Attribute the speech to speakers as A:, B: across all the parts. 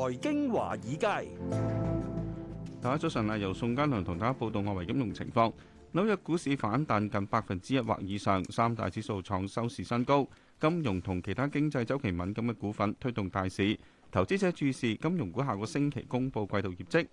A: 財經華爾街，大家早晨啊！由宋嘉良同大家報道外圍金融情況。紐約股市反彈近百分之一或以上，三大指數創收市新高。金融同其他經濟周期敏感嘅股份推動大市。投資者注視金融股下個星期公布季度業績。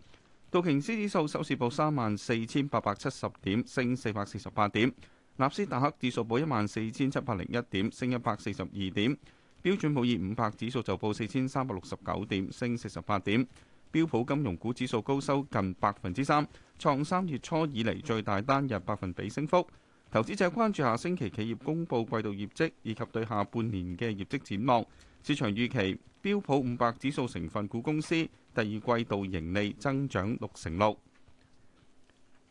A: 道瓊斯指數收市報三萬四千八百七十點，升四百四十八點。納斯達克指數報一萬四千七百零一點，升一百四十二點。標準普爾五百指數就報四千三百六十九點，升四十八點。標普金融股指數高收近百分之三，創三月初以嚟最大單日百分比升幅。投資者關注下星期企業公布季度業績以及對下半年嘅業績展望。市場預期標普五百指數成分股公司第二季度盈利增長六成六。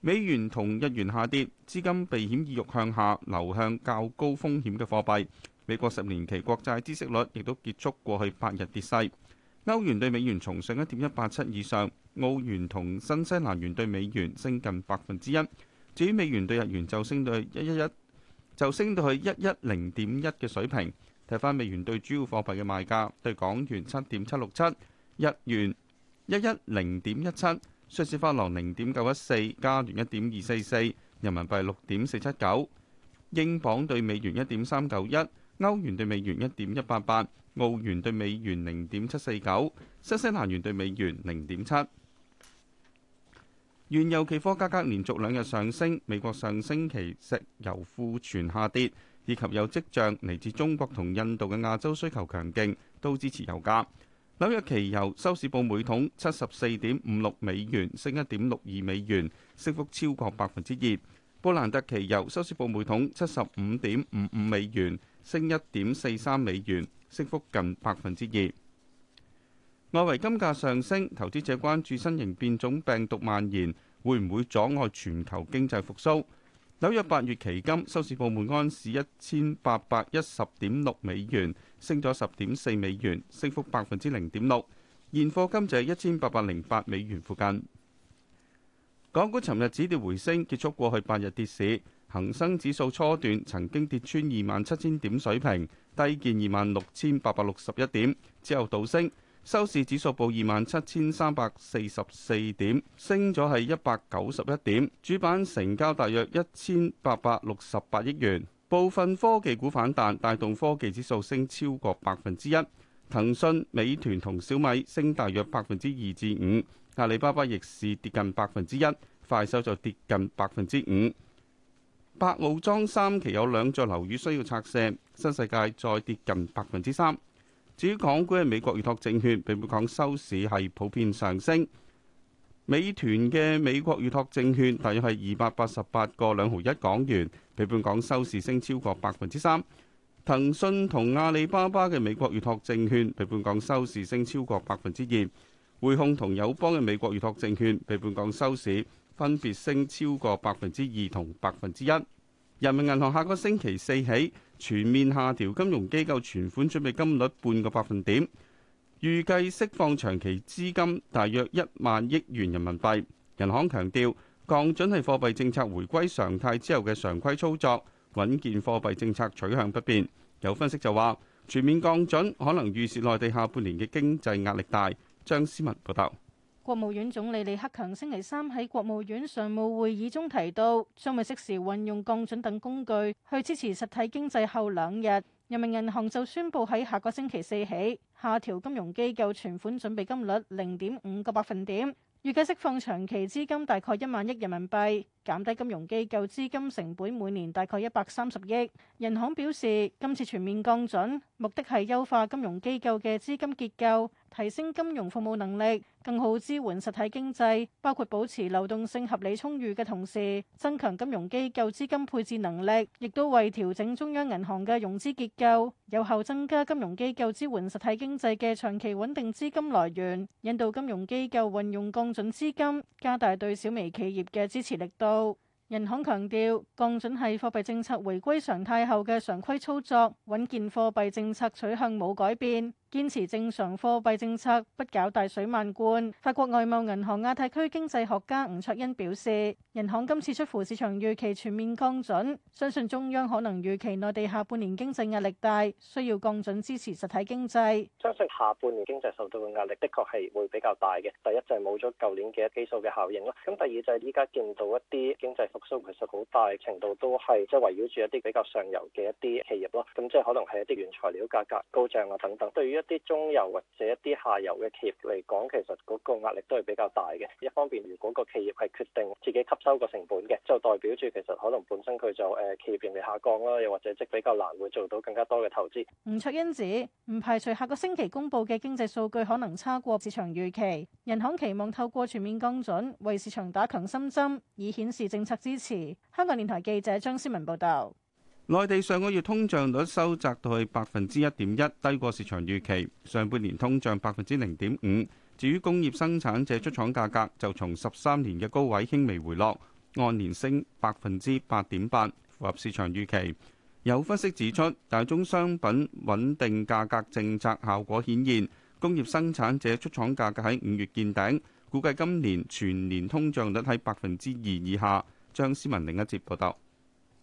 A: 美元同日元下跌，資金避險意欲向下流向較高風險嘅貨幣。美國十年期國債孳息率亦都結束過去八日跌勢。歐元對美元重上一點一八七以上，澳元同新西蘭元對美元升近百分之一。至於美元對日元就升到去一一一，就升到去一一零點一嘅水平。睇翻美元對主要貨幣嘅賣價，對港元七點七六七，日元一一零點一七，瑞士法郎零點九一四，加元一點二四四，人民幣六點四七九，英鎊對美元一點三九一。歐元對美元一點一八八，澳元對美元零點七四九，新西蘭元對美元零點七。原油期貨價格連續兩日上升，美國上升期石油庫存下跌，以及有跡象嚟自中國同印度嘅亞洲需求強勁，都支持油價。紐約期油收市報每桶七十四點五六美元，升一點六二美元，升幅超過百分之二。布蘭特期油收市報每桶七十五點五五美元。1> 升一點四三美元，升幅近百分之二。外圍金價上升，投資者關注新型變種病毒蔓延，會唔會阻礙全球經濟復甦？紐約八月期金收市報每安士一千八百一十點六美元，升咗十點四美元，升幅百分之零點六。現貨金就一千八百零八美元附近。港股尋日止跌回升，結束過去八日跌市。恒生指數初段曾經跌穿二萬七千點水平，低見二萬六千八百六十一點之後倒升，收市指數報二萬七千三百四十四點，升咗係一百九十一點。主板成交大約一千八百六十八億元，部分科技股反彈帶動科技指數升超過百分之一，騰訊、美團同小米升大約百分之二至五，阿里巴巴逆市跌近百分之一，快手就跌近百分之五。白澳莊三期有兩座樓宇需要拆卸，新世界再跌近百分之三。至於港股嘅美國預託證券，比本港收市係普遍上升。美團嘅美國預託證券，大約係二百八十八個兩毫一港元，比本港收市升超過百分之三。騰訊同阿里巴巴嘅美國預託證券，比本港收市升超過百分之二。匯控同友邦嘅美國預託證券，比本港收市分別升超過百分之二同百分之一。人民銀行下個星期四起全面下調金融機構存款準備金率半個百分點，預計釋放長期資金大約一萬億元人民幣。人行強調降準係貨幣政策回歸常態之後嘅常規操作，穩健貨幣政策取向不變。有分析就話全面降準可能預示內地下半年嘅經濟壓力大。張思文報道。
B: 國務院總理李克強星期三喺國務院常務會議中提到，將會適時運用降準等工具去支持實體經濟。後兩日，人民銀行就宣布喺下個星期四起下調金融機構存款準備金率零點五個百分點，預計釋放長期資金大概一萬億人民幣。減低金融機構資金成本，每年大概一百三十億。銀行表示，今次全面降準目的係優化金融機構嘅資金結構，提升金融服務能力，更好支援實體經濟。包括保持流動性合理充裕嘅同時，增強金融機構資金配置能力，亦都為調整中央銀行嘅融資結構，有效增加金融機構支援實體經濟嘅長期穩定資金來源。引導金融機構運用降準資金，加大對小微企業嘅支持力度多。人行強調降準係貨幣政策回歸常態後嘅常規操作，穩健貨幣政策取向冇改變。堅持正常貨幣政策，不搞大水漫灌。法國外貿銀行亞太區經濟學家吳卓恩表示，銀行今次出乎市場預期全面降準，相信中央可能預期內地下半年經濟壓力大，需要降準支持實體經濟。相信下半年經濟受到嘅壓力，的確係會比較大嘅。
A: 第一就係冇咗舊年嘅一基數嘅效應咯，咁第二就係依家見到一啲經濟復甦其實好大程度都係即係圍繞住一啲比較上游嘅一啲企業咯。即係可能係一啲原材料價格高漲啊等等，對於一啲中游或者一啲下游嘅企業嚟講，其實嗰個壓力都係比較大嘅。一方面，如果個企業係決定自己吸收個成本嘅，就代表住其實可能本身佢就誒、呃、企業盈利下降啦，又或者即比較難會做到更加多嘅投資。
B: 吳卓恩指唔排除下個星期公布嘅經濟數據可能差過市場預期，人行期望透過全面降準為市場打強心針，以顯示政策支持。香港電台記者張思文報道。
A: 內地上個月通脹率收窄到去百分之一點一，低過市場預期。上半年通脹百分之零點五。至於工業生產者出廠價格，就從十三年嘅高位輕微回落，按年升百分之八點八，符合市場預期。有分析指出，大宗商品穩定價格政策效果顯現，工業生產者出廠價格喺五月見頂，估計今年全年通脹率喺百分之二以下。張思文另一節報道。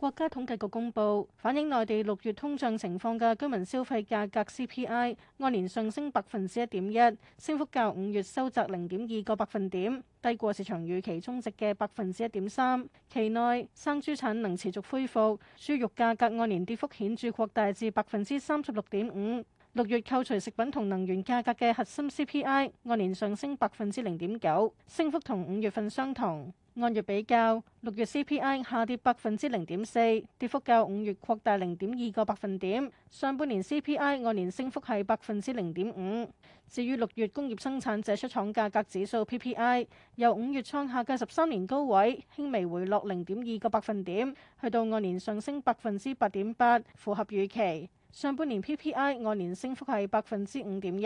B: 國家統計局公布，反映內地六月通脹情況嘅居民消費價格 CPI 按年上升百分之一點一，升幅較五月收窄零點二個百分點，低過市場預期中值嘅百分之一點三。期內生豬產能持續恢復，豬肉價格按年跌幅顯著擴大至百分之三十六點五。六月扣除食品同能源價格嘅核心 CPI 按年上升百分之零點九，升幅同五月份相同。按月比較，六月 CPI 下跌百分之零點四，跌幅較五月擴大零點二個百分點。上半年 CPI 按年升幅係百分之零點五。至於六月工業生產者出廠價格指數 PPI，由五月創下嘅十三年高位，輕微回落零點二個百分點，去到按年上升百分之八點八，符合預期。上半年 PPI 按年升幅係百分之五點一。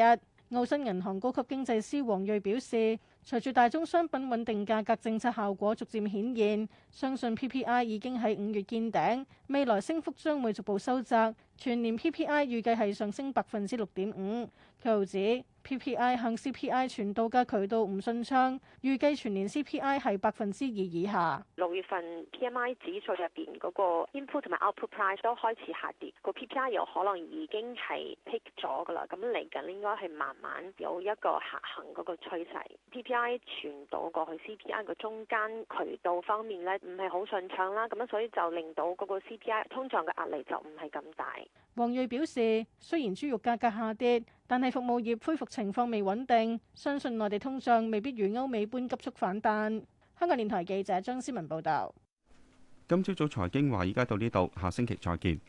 B: 澳新銀行高級經濟師王瑞表示。隨住大宗商品穩定價格政策效果逐漸顯現，相信 PPI 已經喺五月見頂，未來升幅將會逐步收窄。全年 PPI 預計係上升百分之六點五。佢又指 PPI 向 CPI 傳導嘅渠道唔順暢，預計全年 CPI 係百分之二以下。六月份 PMI 指數入邊嗰個 input 同埋 output price 都開始下跌，個 PPI 又可能已經係 pick 咗噶啦。咁嚟緊應該係慢慢有一個下行嗰個趨勢。PPI 街傳到過去 CPI 嘅中間渠道方面咧，唔係好順暢啦。咁樣所以就令到嗰個 CPI 通脹嘅壓力就唔係咁大。黃瑞表示，雖然豬肉價格下跌，但係服務業恢復情況未穩定，相信內地通脹未必如歐美般急速反彈。香港電台記者張思文報道。
A: 今朝早財經華爾街到呢度，下星期再見。